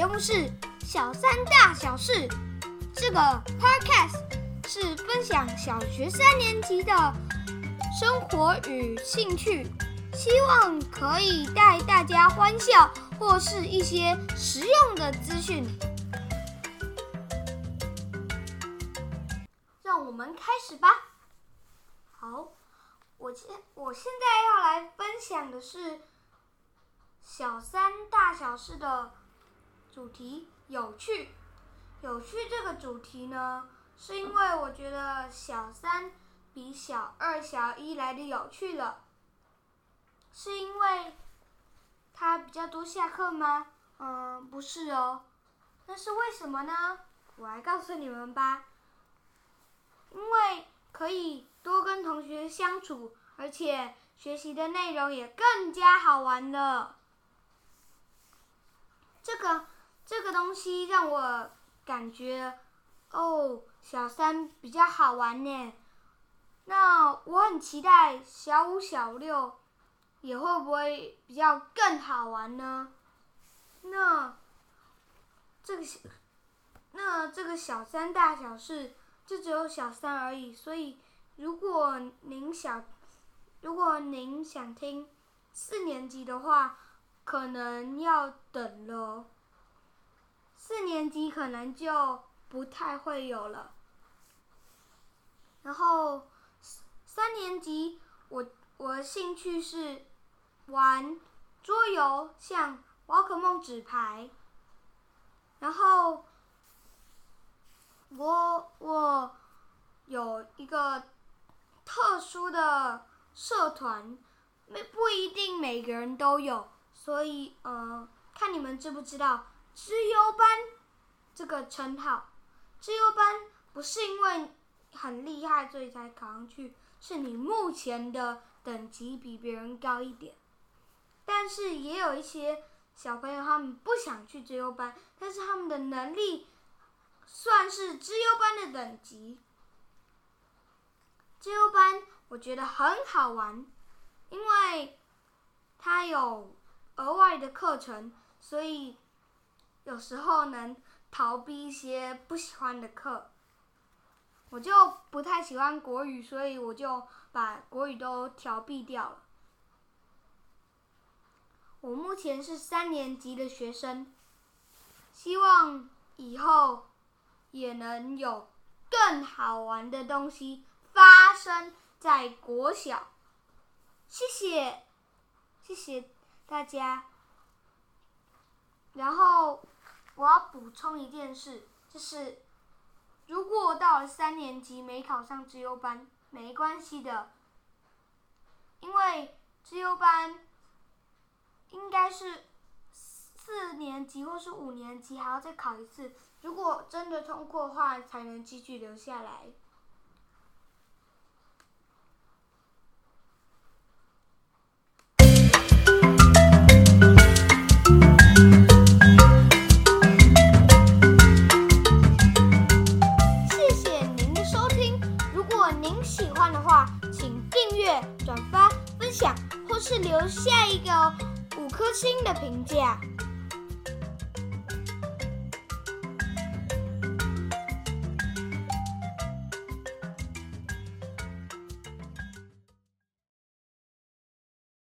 節目是小三大小事，這個 podcast 是分享小學三年級的生活與興趣，希望可以帶大家歡笑或是一些實用的資訊。讓我們開始吧。好，我現我現在要來分享的是小三大小事的。主題有趣，有趣這個主題呢，是因為我覺得小三比小二、小一來的有趣了。是因為他比較多下課嗎？嗯，不是哦，那是為什麼呢？我來告訴你們吧。因為可以多跟同學相處，而且學習的內容也更加好玩了。這個。這個東西讓我感覺哦，小三比較好玩呢。那我很期待小五、小六也會不會比較更好玩呢？那這個那這個小三大小事就只有小三而已，所以如果您想如果您想聽四年級的話，可能要等了。四年級可能就不太會有了，然後三年級我我的興趣是玩桌遊，像《寶可夢》紙牌，然後我我有一個特殊的社團，沒不一定每個人都有，所以嗯、呃，看你們知不知道。資優班這個稱號，資優班不是因為很厲害所以才考上去，是你目前的等級比別人高一點。但是也有一些小朋友，他們不想去資優班，但是他們的能力算是資優班的等級。資優班我覺得很好玩，因為他有額外的課程，所以。有時候能逃避一些不喜歡的課，我就不太喜歡國語，所以我就把國語都逃避掉了。我目前是三年級的學生，希望以後也能有更好玩的東西發生在國小。謝謝，謝謝大家。然後我要補充一件事，就是如果我到了三年級沒考上資優班，沒關係的，因為資優班應該是四年級或是五年級還要再考一次，如果真的通過的話，才能繼續留下來。或是留下一個五顆星的評價。